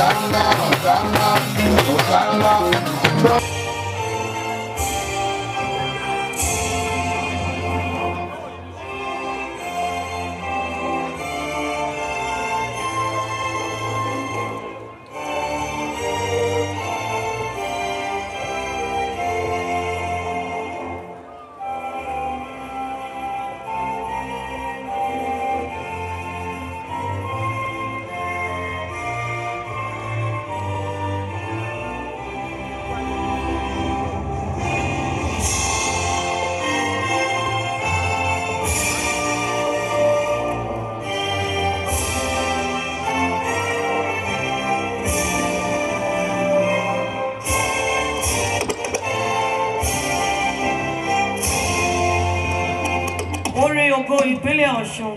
Osama, Osama, Osama. ògo ìpínlẹ̀ Ọ̀ṣun.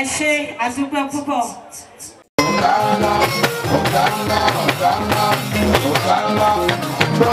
ẹ ṣe àdúgbò púpọ̀. ọ̀gá ńlá ọ̀gá ńlá ọ̀gá ńlá ọ̀gá ńlá.